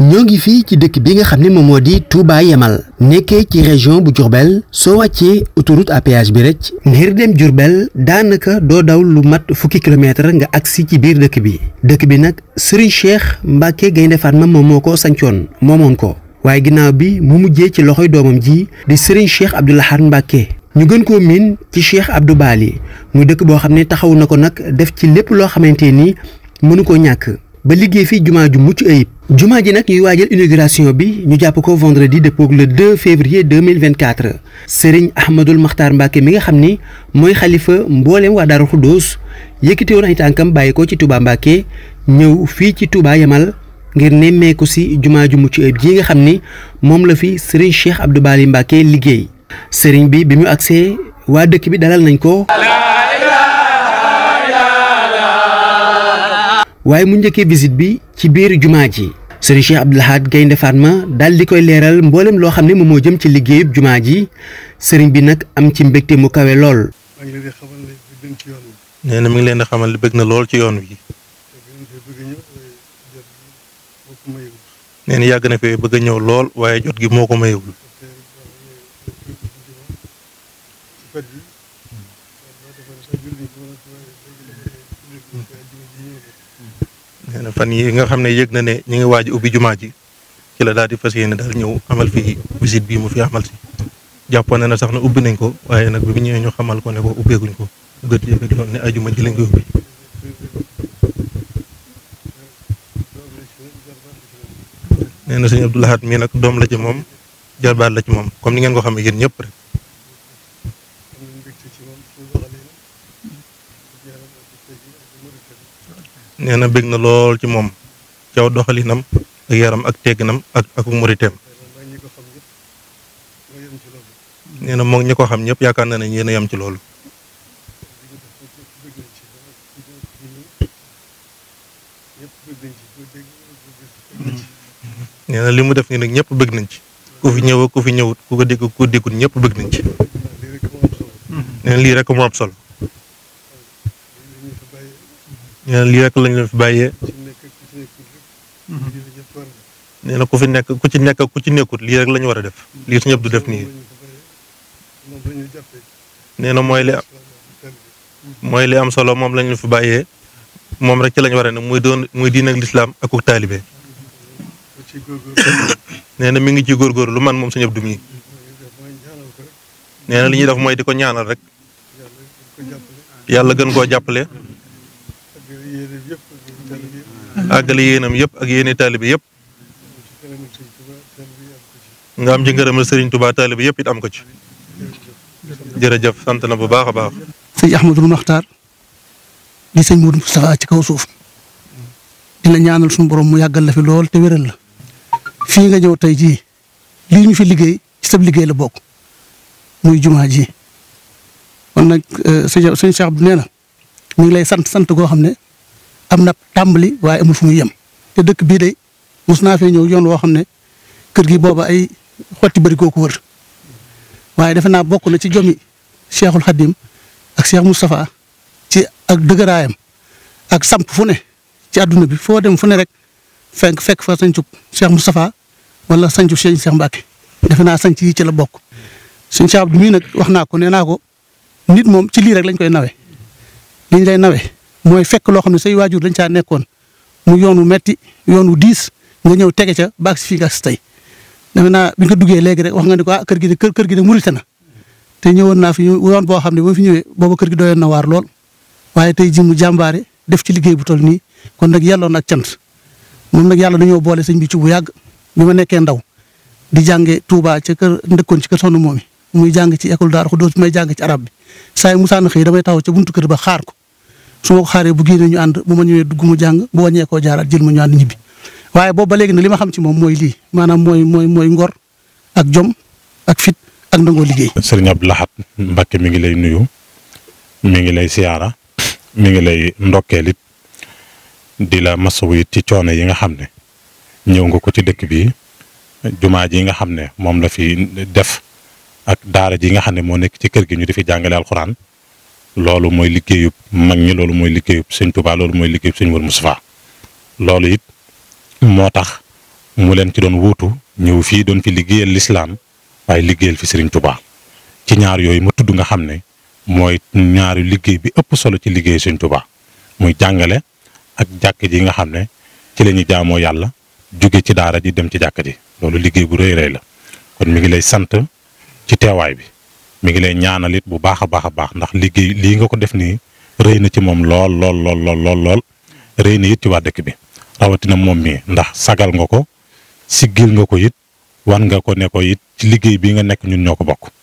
ñoo fi ci dëkk bi nga xam mo modi di Touba Yamal nekké ci région bu Djourbel so waccé autoroute à péage bi rek ngir dem Diourbel daanaka do daw lu mat fukki kilomètre nga aksi ci biir dëkk bi dëkk bi nak Serigne Cheikh Mbacké Gaynde Fatma mom moko sancion momon ko waye ginaaw bi mu mujjé ci loxoy domam ji di Serigne Cheikh Abdoulahar Mbacké ñu gën ko min ci Cheikh Abdou Bali muy dëkk bo xam taxaw nako nak def ci lepp lo xamanteni mënu ko ñak ba liggéey fi jumaa ju mucc ayib jumaa ji nag ñuy waajal inauguration bi ñu jàpp ko vendredi dëppoog le 2 février 2024 Serigne Ahmadul Maxtaar Mbàkke mi nga xam ni mooy xalifa mbooleem waa dara Xuddoos yëkkati woon ay tànkam bàyyi ko ci Touba Mbàkke ñëw fii ci Touba Yamal ngir nemmeeku si jumaa ju mucc ayib ji nga xam ni moom la fi Serigne Cheikh Abdou Bali Mbàkke liggéey Serigne bi bi mu agsee waa dëkk bi dalal nañ ko waaye mu njëkkee visite bi ci biir jumaa ji sëriñ Cheikh Abdou Lahad Gaynde Fatma daal di koy leeral mboolem loo xam ne moom moo jëm ci liggéeyub jumaa ji sëriñ bi nag am ci mbégte mu kawe lool. nee na mi ngi leen di xamal li bëgg na lool ci yoon yàgg na bëgg a ñëw lool waaye jot gi moo ko mayewul. nee fan yi nga xam ne yëg na ne ñu ngi waaj ubbi jumaa ji ci la daal di fas yéene daal ñëw amal fii visite bii mu fi amal si jàppoon na sax na ubbi nañ ko waaye nag bi mu ñëwee ñu xamal ko ne ko ubbeeguñ ko gët yi rek ne ajuma ji lañ ko ubbi nee na sëñ Abdou Lahad mii nag doom la ci moom jarbaat la ci moom comme ni ngeen ko xamee yéen ñëpp rek nee na bég na lool ci moom caw doxalinam ak yaram ak tegginam ak ak muriteem nee na moom ñi ko xam ñëpp yaakaar na ne yéen a yam ci loolu nee na li mu def nii nag ñëpp bëgg nañ ci ku fi ñëw ku fi ñëwut ku ko dégg ku ko déggul ñëpp bëgg nañ ci nee lii rekk moo am nee na lii rek lañ fi bàyyee. Mm-hmm. nee na ku fi nekk ku ci nekk ku ci nekkut lii rek la war a def lii su ñëpp du def nii. nee na mooy li am solo moom lañ leen fi bàyyee moom rek ci lañ war a ne muy doon muy diin ak lislaam ak ku taalibe. nee na mi ngi ci góorgóorlu lu man moom su ñëpp du mii. li ñuy def mooy di ko ñaanal rek. yàlla gën koo jàppale. àggale yéenam yëpp ak yéene taalibe yëpp nga am ci ngërëmal Serigne Touba taalibe yëpp it am ko ci jërëjëf sant bu baax a baax. sëñ Ahmadul Maxtaar di sëñ Mourou Moustapha ci kaw suuf dina ñaanal suñu borom mu yàggal la fi lool te wéral la fii nga ñëw tey jii lii fi liggéey ci sab liggéey la bokk muy jumaa ji kon nag euh, sëñ sëñ mi lay sant sant goo ne. am na tàmbali waaye amul fu yem te dëkk bii de mos naa fee ñëw yoon woo xam ne kër gi booba ay xotti bëri ko wër waaye defe naa bokk na ci jomi Cheikhul Khadim ak Cheikh Moustapha ci ak dëgëraayam ak samp fu ne ci àdduna bi foo dem fu ne rek fenk fekk fa sañcu Cheikh Moustapha wala sañcu Cheikh Cheikh Mbacke defe naa sañc yi ci la bokk suñ Cheikh Abdou mii nag wax naa ko nee naa ko nit moom ci lii rek lañ koy nawe liñ lay nawe mooy fekk loo xam ne say waajur dañ caa nekkoon mu yoon yoonu metti yoon wu diis nga ñëw tege ca baag si fii nga si tey. defe naa bi nga duggee léegi rek wax nga ni ko ah kër gi de kër kër gi de murite na te ñëwoon naa fi yoon boo xam ne boo fi ñëwee booba kër gi doyoon na waar lool waaye tey ji mu jàmbaare def ci liggéey bu toll nii kon nag yelloon ak cant moom nag yàlla dañoo boole sëñ bi ci bu yàgg bi ma nekkee ndaw di jànge Touba ca kër ndëkkoon ci kër soxna moomi muy jàng ci école Daaru Xudoos may jàng ci arab bi saa yu musaana xëy damay taxaw ca buntu kër ba xaar ko su ma ko xaaree bu génnee ñu ànd bu ma ñëwee dugg mu jàng bu wàññee koo jaaraat jël ma ñu ànd ñibbi waaye boobu léegi na li ma xam ci moom mooy lii maanaam mooy mooy mooy ngor ak jom ak fit ak ndangoo liggéey. Serigne Abdou mi ngi lay nuyu mi ngi lay siyaara mu ngi lay ndokkeel di la masawu it ci coono yi nga xam ne ñëw nga ko ci dëkk bi jumaa ji nga xam ne moom la fi def ak daara ji nga xam ne moo nekk ci kër gi ñu di fi jàngale alxuraan loolu mooy liggéeyub mag ñi loolu mooy liggéeyub sëñ Tuubaa loolu mooy liggéeyub sëñ Mor Mustafaa loolu it moo tax mu leen ci doon wuutu ñëw fii doon fi liggéeyal lislaam waaye liggéeyal fi sëriñ Tuubaa ci ñaar yooyu ma tudd nga xam ne mooy ñaaru liggéey bi ëpp solo ci liggéey sëriñ Tuubaa muy jàngale ak jàkk ji nga xam ne ci lañuy ñuy jaamoo yàlla jóge ci daara ji dem ci jàkk ji loolu liggéey bu rëy rëy la kon mi ngi lay sant ci teewaay bi mi ngi lay ñaanal it bu baax a baax a baax ndax liggéey lii nga ko def nii rëy na ci moom lool lool lool lool lool rëy na it ci waa dëkk bi rawatina moom mii ndax sagal nga ko siggil nga ko it wan nga ko ne ko it ci liggéey bi nga nekk ñun ñoo ko bokk